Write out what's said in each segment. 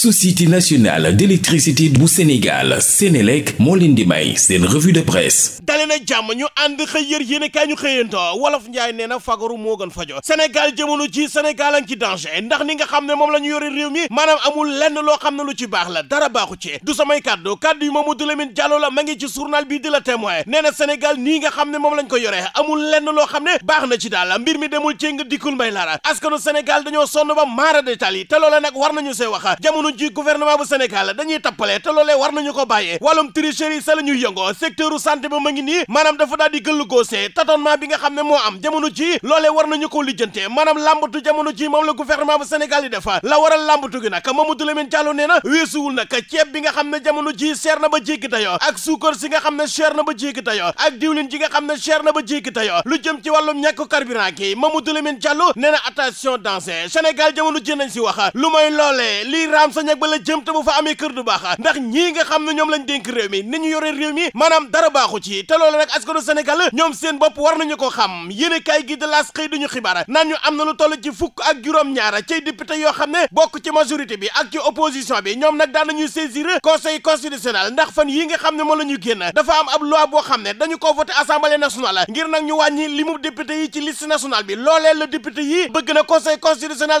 société nationale d'électricité bu Sénégal Sénélec moo leen di may seen revue de presse dale na jàmm ñu ànd xëy yër yéenekaay ñu xëyantoo wolof njaay nee na fagaru moo gën fajo Sénégal jamono ci Sénégal a ngi ci danger ndax ni nga xam ne moom la ñu yore réew mi maanaam amul lenn loo xam ne lu ci baax la dara baaxu ci du samay kàddu kàddu yu Mamadou Lamine Diallo la ma ngi ci journal bi di la témoin nee na Sénégal nii nga xam ne moom lañ ko yore amul lenn loo xam ne baax na ci daal mbir mi demul cee nga dikkul may lara askanu Sénégal dañoo sonn ba maara détail yi te loola nag war nañu see wax jamono jamono ji gouvernement bu Sénégal dañuy tappale te loolee war nañu ko bàyyee wàllum tricherie sa la ñuy yëngoo secteur ba ma ngi dafa daal gëllu goosee tâtonnement bi nga xam ne moo am jamono ji loolee war nañu ko lijjante maanaam làmbatu jamono ji moom la gouvernement bu Sénégal yi defa la na weesuwul ceeb bi nga xam ne jamono ji seer na ba jéggi dayoo ak suukar si nga xam ne seer na ba jéggi dayoo ak diwlin ji nga xam ne seer na ba jéggi sañ-sañ ak ba la jëm te bu fa amee kër du baax ndax ñii nga xam ne ñoom lañ dénk réew mi ni ñu yore réew mi maanaam dara baaxu ci te loolu nag askanu Sénégal ñoom seen bopp war nañu ko xam yéene kaay gi de xëy duñu xibaar naan ñu am na lu toll ci fukk ak juróom-ñaara cay député yoo xam ne bokk ci majorité bi ak ci opposition bi ñoom nag daan nañuy saisir conseil constitutionnel ndax fan yi nga xam ne moo la ñu génn dafa am ab loi boo xam ne dañu ko voté assemblée nationale ngir nag ñu wàññi na conseil constitutionnel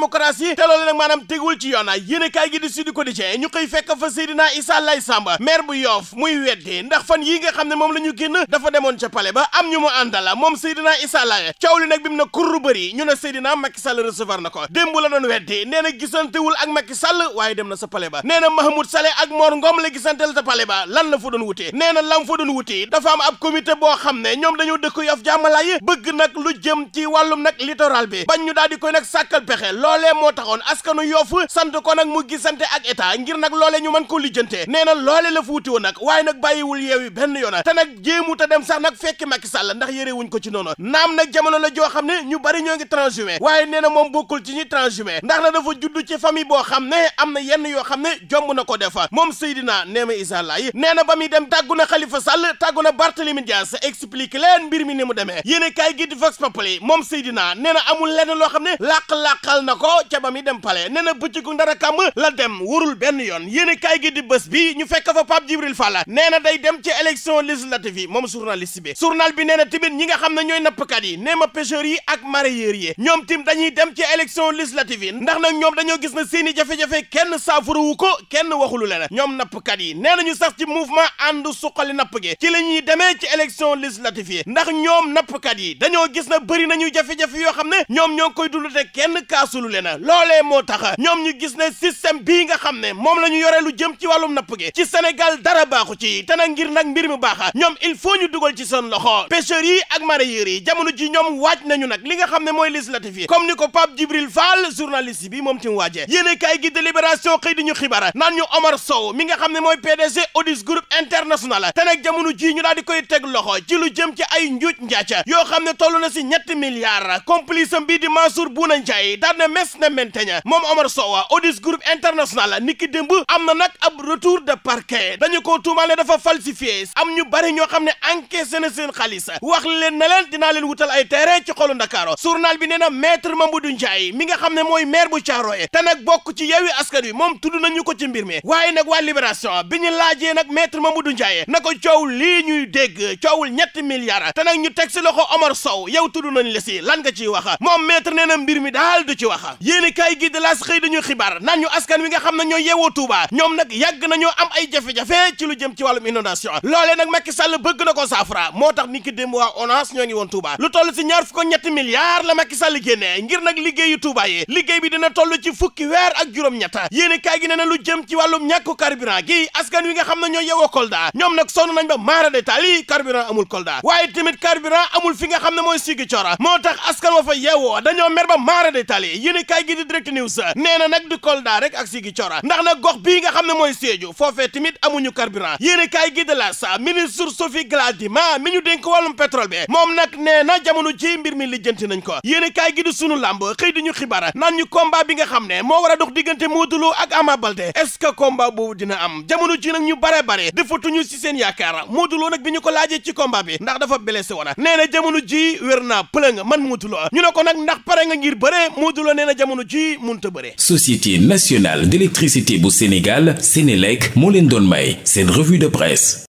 démocratie te loolu nag maanaam tegul ci yoon yéenekaay gi di Sud Quotidien ñu koy fekk fa Seydina Issa Lay Samba maire bu Yoff muy weddi ndax fan yi nga xam ne moom la ñu génn dafa demoon ca pale ba am ñu mu àndala moom Seydina Issa Lay coow li nag bi mu na kurru bëri ñu ne Seydina Macky Sall recevoir na ko démb la doon weddi nee na gisantewul ak Macky Sall waaye dem na sa palais ba nee na Mahmoud Saleh ak Mor Ngom la gisantel sa palais ba lan la doon wutee nee na lam fa doon wutee dafa am ab comité boo xam ne ñoom dañoo dëkk Yoff jàmmalaay bëgg nag lu jëm ci wàllum nag littoral bi bañ ñu daal di koy nag sàkkal pexe loolee moo taxoon askanu yoof sant ko nag mu gisante ak état ngir nag loole ñu mën ko lijjante nee na loole la fuuti woon nag waaye nag bàyyiwul yeewi benn yoona te nag jéem ta dem sax nag fekki Macky Sall ndax yëre wuñ ko ci noonu naam nag jamono la joo xam ne ñu bari ñoo ngi transhumé waaye nee na moom bokkul ci ñi transhumé ndax na dafa judd ci famille boo xam ne am na yenn yoo xam ne jomb na ko defa moom Seydina Némé Issa Laye nee na ba muy dem tàggu na Khalifa Sall tàggu na Barthélémy Dias explique leen mbir mi ni mu demee yéen a kaay gi di Vox Populi moom Seydina nee na amul lenn loo xam ne làq-làqal na ko ca ba mi dem pale nee na bëccëgu ndara kam la dem wurul benn yoon yéen kaay gi di bés bi ñu fekk fa Pape Djibril Fall nee na day dem ci élection législative yi moom journaliste bi journal bi nee na tamit ñi nga xam ne ñooy nappkat yi nee ma pêcheurs yi ak mareyeurs yi ñoom tim dañuy dem ci élection législative yi ndax nag ñoom dañoo gis na seeni jafe-jafe kenn saafarawu ko kenn waxulu leen ñoom nappkat yi nee nañu sax ci mouvement ànd suqali napp gi ci la ñuy demee ci élection législative yi ndax ñoom yi dañoo gis na bëri nañu jafe-jafe yoo xam ne ñoom ñoo koy dund te kenn kaasulu déroulé na loolee moo tax ñoom ñu gis ne système bii nga xam ne moom la ñu yore lu jëm ci wàllum napp gi ci Sénégal dara baaxu ci te nag ngir nag mbir mi baax ñoom il faut ñu dugal ci seen loxo pêcheurs yi ak mareyeurs yi jamono ji ñoom waaj nañu nag li nga xam ne mooy législatif yi comme ni ko Pape Djibril Fall journaliste bi moom ci mu waajee yéene kaay gi délibération xëy ñu xibaar naan ñu Omar Sow mi nga xam ne mooy PDG Odis Group International te nag jamono ji ñu daal di koy teg loxo ci lu jëm ci ay njuuj njaaca yoo xam ne toll na si ñetti milliards complice am bii na des na maintenir moom Omar Sow Odis groupe international ni ki démb am na nag ab retour de parquet dañu ko tuumaal ne dafa falsifié am ñu bari ñoo xam ne encaissé na seen xaalis wax leen na leen dinaa leen wutal ay terrain ci xolu Ndakaaru journal bi nee na maître Mamadou Ndiaye mi nga xam ne mooy maire bu Thiaroye te nag bokk ci Yewwi Askan Wi moom tudd nañu ko ci mbir mi waaye nag waa Libération bi ñu laajee nag maître Mamadou Ndiaye na ko coow lii ñuy dégg coowul ñetti milliards te nag ñu teg si loxo Omar Sow yow tudd nañ la si lan nga ciy wax moom maître nee na mbir mi daal du ci wax baax yéene kaay gi de laas xëy dañu xibaar naan ñu askan wi nga xam ne ñoo yeewoo Touba ñoom nag yàgg nañoo am ay jafe ci lu jëm ci wàllum inondation loolee nag Macky Sall bëgg na ko saafara moo tax ni ki démb waa ñoo ngi woon Touba lu toll si ñaar fukk ñetti milliards la Macky Sall génnee ngir nag liggéeyu Touba yi liggéey bi dina toll ci fukki weer ak juróom-ñett yéene gi nee na lu jëm ci wàllum ñàkku carburant gi askan xam ne ñoo yeewoo Kolda ñoom nag sonn nañ ba maara détaal yi carburant amul Kolda waaye tamit carburant amul fi nga xam ne mooy Ziguinchor moo tax askan wa fa yeewoo dañoo mer ba maara détaal yi yéene kaay gi di direct news nee na nag du Kolda rek ak Ziguinchor ndax nag gox bii nga xam ne mooy Sédhiou foofee tamit amuñu carburant yéene kaay gi de la sa ministre Sophie Gladima mi ñu dénk wàllum pétrole bi moom nag nee na jamono ji mbir mi lijjanti ko yéene kaay gi sunu làmb xëy ñu xibaar naan ñu combat bi nga xam ne moo war a dox diggante Modou Lo ak Ama Baldé est-ce que combat boobu dina am jamono ji nag ñu bare bare defatuñu ci seen yaakaar Modou nag bi ñu ko laajee ci combat bi ndax dafa blessé woon nee na jamono ji nee jamono ji munta bëre société nationale d'électricité bu Sénégal Sénélec moo leen doon may seen revue de presse